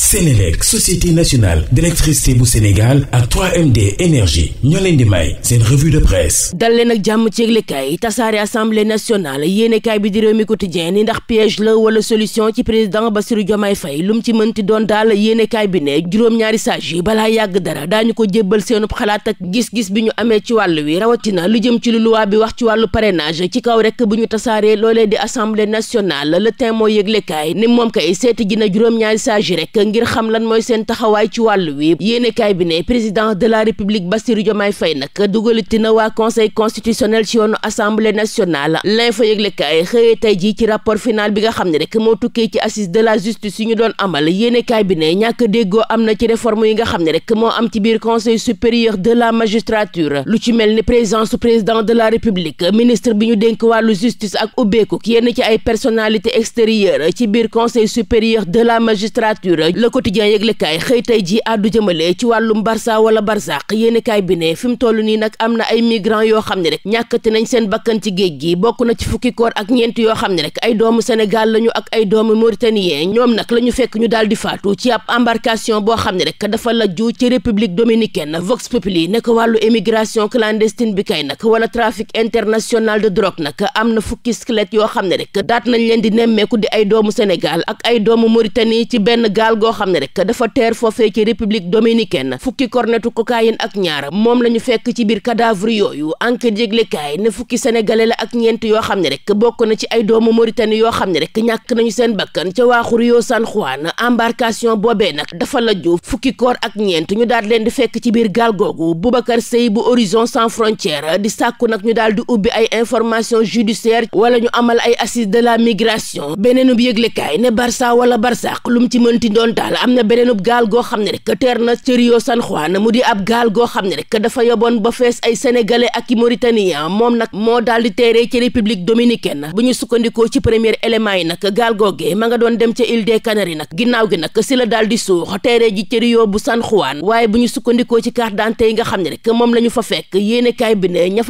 Sénélec société nationale d'électricité bu Sénégal ak 3MD énergie ñoo leen di may seen revue de presse dal leen ak jàmm ci yëglekaay tasaare assemblée nationale yéenekaay bi di Rewmi Quotidien ni ndax piège la wala solution ci président Bassirou Diomaye fay lu mu ci mënti doon daal yéenekaay bi ne juróom-ñaari sages yi balaa yàgg dara daañu ko jébbal seenub xalaat ak gis-gis bi ñu amee ci wàll wi rawatina lu jëm ci lu luwaa bi wax ci wàllu parrainage ci kaw rek bu ñu tasaaree loolee di assemblée nationale le Témoin yëglekaay ni moom kay seeti juróom-ñaari sages yi rek ngir xam lan mooy seen taxawaay ci wàll wi yéenekaay bi ne président de la république Bassirou Diomaye Faye nag dugalati na waa conseil constitutionnel ci yoonu assemble national l'info yëglekaay xëyee tey jii ci rapport final bi nga xam ne rek moo tukkee ci assise de la justice yi ñu doon amal yéenekaay bi ne ñàkk déggoo am na ci réforme yi nga xam ne rek moo am ci biir conseil supérieur de la magistrature lu ci mel ni présence président de la république ministre bi ñu dénk wàllu justice ak ubbeeku yenn ci ay personnalité extérieure ci biir conseil supérieur de la magistrature le quotidien yëglekaay xëy tey ji àddu jëmale ci wàllu barça wala barsaq yéenekaay bi ne fi mu toll nii nag am na ay migrants yoo xam ne rek ñàkkati nañ seen bakkan ci géej gi bokk na ci fukki koor ak ñeent yoo xam ne rek ay doomu Sénégal lañu ak ay doomu Mauritanien ñoom nag la ñu fekk ñu daal di faatu ci ab embarcation boo xam ne rek dafa lajju ci république dominicaine Vox Populi nekk wàllu émigration clandestine bi kay nag wala trafic international de drogue nag am na fukki squelette yoo xam ne rek daat nañ leen di nemmeeku di ay doomu Sénégal ak doomu Mauritanie ci benn gaal goo xam ne rek dafa teer foofee ci république dominicaine fukki kornetu cocaïne ak ñaar moom la ñu fekk ci biir cadavre yooyu enquête yëglekaay ne fukki sénégalais la ak ñeent yoo xam ne rek bokk na ci ay doomu Mauritanie yoo xam ne rek ñàkk nañu seen bakkan ca waaxu Rio San Juan embarcation boobee nag dafa la ju fukki koor ak ñeent ñu daal leen di fekk ci biir gaal googu Boubacar Seye bu Horizon Sans Frontières di sàkku nag ñu daal di ubbi ay information judiciaire wala ñu amal ay assises de la migration beneen bi yëglekaay yoon daal am na beneenub gaal goo xam ne rek teer na ci San Juan mu di ab gaal goo xam ne rek dafa yoboon ba fees ay sénégalais ak i mauritanien moom nag moo daal di teeree ci république dominicaine bu ñu sukkandikoo ci premier élément yi nag gaal googee ma nga doon dem ca île des Canaries nag ginnaaw gi nag si la daal suux teeree ji ci Rio San Juan waaye bu ñu sukkandikoo ci carte d'identité yi nga xam ne rek moom la fa fekk yéenekaay bi ña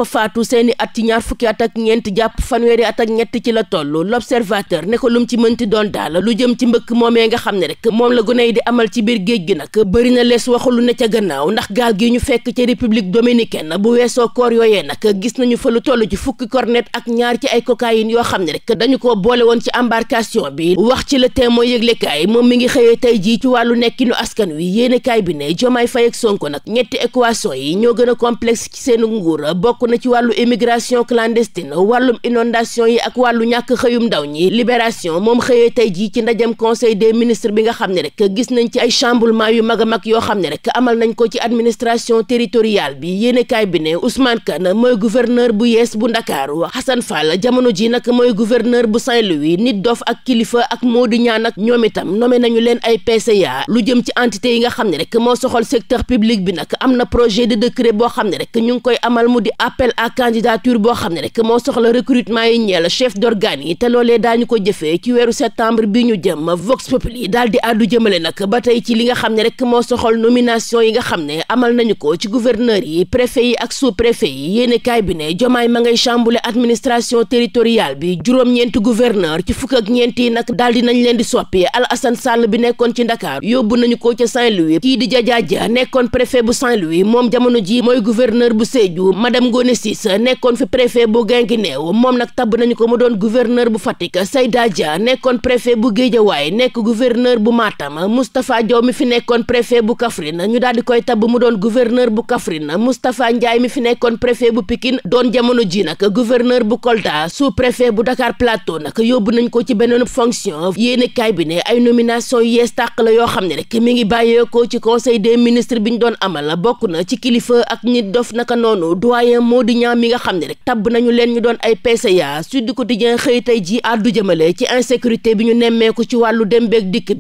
moom la gune yi di amal ci biir géej gi nag bëri na lees waxu lu ne ca gannaaw ndax gaal gi ñu fekk ci république dominicaine bu weesoo koor yooyee nag gis nañu fa lu toll ci fukki cornet ak ñaar ci ay cocaïne yoo xam ne rek dañu ko boole woon ci embarcation bi wax ci le Témoin yëglekaay moom mi ngi xëyee tey jii ci wàllu nekkinu askan wi yéenekaay bi ne Jomaay Faye ak Sonko nag ñetti équation yi ñoo gën a complexe ci seenu nguur bokk na ci wàllu immigration clandestine wàllum inondation yi ak wàllu ñàkk xëyum ndaw ñi libération moom xëyee tey jii ci bi nga ne rek gis nañ ci ay chamboulement yu mag a yoo xam ne rek amal nañ ko ci administration territoriale bi yéenekaay bi ne Ousmane Kane mooy gouverneur bu yees bu Ndakaaru Assane Fall jamono ji nag mooy gouverneur bu Saint-Louis Nitdoff ak Kilifeu ak Modou Niang nag ñoom itam nommé nañu leen ay PCA lu jëm ci entité yi nga xam ne rek moo soxal secteur public bi nag am na projet de décret boo xam ne rek ñu ngi koy amal mu di appel à candidature boo xam ne moo soxla recrutement yi ñeel chef d'organe yi te loolee daañu ko jëfee ci weeru septembre bi ñu jëm jëmale nag ba tey ci li nga xam ne rek moo soxal nomination yi nga xam ne amal nañu ko ci gouverneur yi préfet yi ak sous préfet yi yéeni kaay bi ne jomaay ma ngay chamboulé administration territoriale bi juróom-ñeenti gouverneur ci fukk ak ñeent yi nag daal di nañ leen di soppi Alassane sàll bi nekkoon ci Dakar yóbbu nañu ko ca Saint-Louis kii di jajaaja nekkoon préfet bu Saint-Louis moom jamono ji mooy gouverneur bu Sédhiou madame Ngoné Cissé nekkoon fi préfet bu Guinguinéo moom nag tabb nañu ko mu doon gouverneur bu Fatick Seyda Dia nekkoon préfet bu Guédiawaye nekk gouverneur bu Matam xalaatam Moustapha Diop mi fi nekkoon préfet bu Kaffrine ñu daal koy tabb mu doon gouverneur bu Kaffrine Moustapha Ndiaye mi fi nekkoon préfet bu Pikine doon jamono ji nag gouverneur bu Kolda sous préfet bu Dakar Plateau nag yóbbu nañ ko ci beneen fonction yéene kaay bi ne ay nomination yees tàq la yoo xam ne rek mi ngi bàyyeekoo ci conseil des ministres bi ñu doon amal bokk na ci kilifa ak ñi dof naka noonu doyen Mody Niang mi nga xam ne rek tabb nañu leen ñu doon ji àddu jëmale ci insécurité bi ñu nemmeeku ci wàllu dem beeg dikk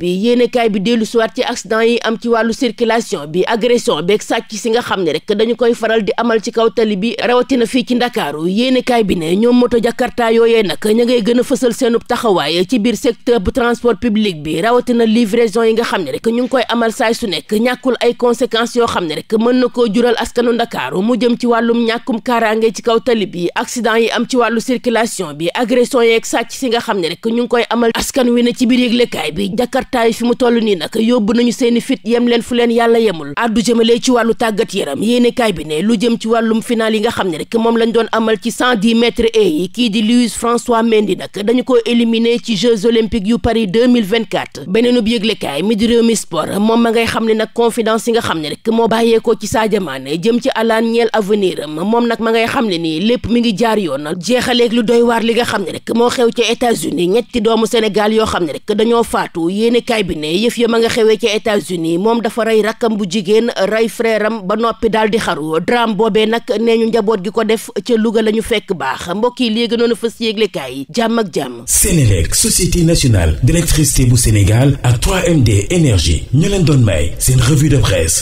yéenekaay bi dellu siwaat ci accident yi am ci wàllu circulation bi agression beeg sàcc si nga xam ne rek dañu koy faral di amal ci kaw tali bi rawatina fii ci ndakaaru yéenekaay bi ne ñoom moto jakarta yooyee nag ña ngay gën a fësal seenub taxawaay ci biir secteur bu transport public bi rawatina livraison yi xam ne rek ñu ngi koy amal saay su nekk ñàkkul ay conséquences yoo xam ne rek mën na koo jural askanu ndakaaru mu jëm ci wàllum ñàkkum kaaraange ci kaw tali bi yi am ci wàllu circulation bi agression yeeg sàcc si nga xam ne rek ñu ngi koy amal askan wi ne ci biir yëglekaay bi jakarta fi mu toll nii nag yóbbu nañu seeni fit yem leen fu leen yàlla yemul addu jëmale ci wàllu tàggat yaram yéenekaay bi ne lu jëm ci wàllum final yi nga xam ne rek moom lañ doon amal ci cent dix mètres et yi kii di Luis François Mendy nag dañu ko éliminé ci Jeux olympiques yu Paris deux mille vingt quatre beneenub yëglekaay mi di réew mi sport moom ma ngay xam ne nag confidence yi nga xam ne rek moo bàyyeekoo ci Sadio Mané jëm ci alaan ñeel avenir am moom nag ma ngay xam ne nii lépp mi ngi jaar yoon jeexaleeg lu doy waar li nga xam ne rek moo xew ca États-Unis ñetti doomu Sénégal yoo xam ne rek dañoo faatu yéenekaay bi ne yëf ya a nga xewee ca États-Unis moom dafa rey rakkam bu jigéen rey freram ba noppi daal di xaru drame boobee nag nee ñu njaboot gi ko def ca Louga la ñu fekk baax mbokk yi léegi noonu fës yéeglekaay yi jàmm ak jàmm Sénélec société nationale d'électricité bu Sénégal ak 3MD énergie ñu leen doon may seen revue de presse